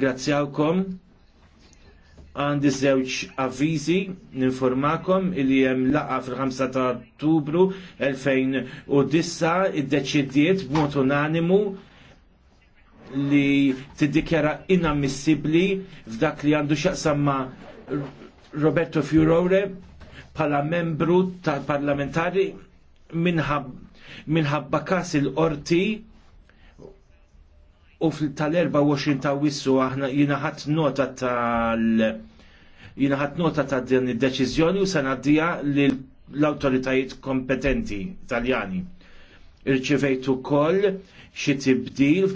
Grazzjawkom għandi żewġ avvizi ninformakom li hemm laqa fil-5 ta' Ottubru 2009 iddeċidiet b'mod unanimu li tiddikjara inammissibbli f'dak li għandu x'aqsam ma' Roberto Fiorore bħala membru tal parlamentari minħabba kas il-qorti u tal-24 ta' wissu aħna jina nota tal jina nota ta' din id-deċiżjoni u se ngħaddija l-awtoritajiet kompetenti Taljani. Irċivejt ukoll xi tibdil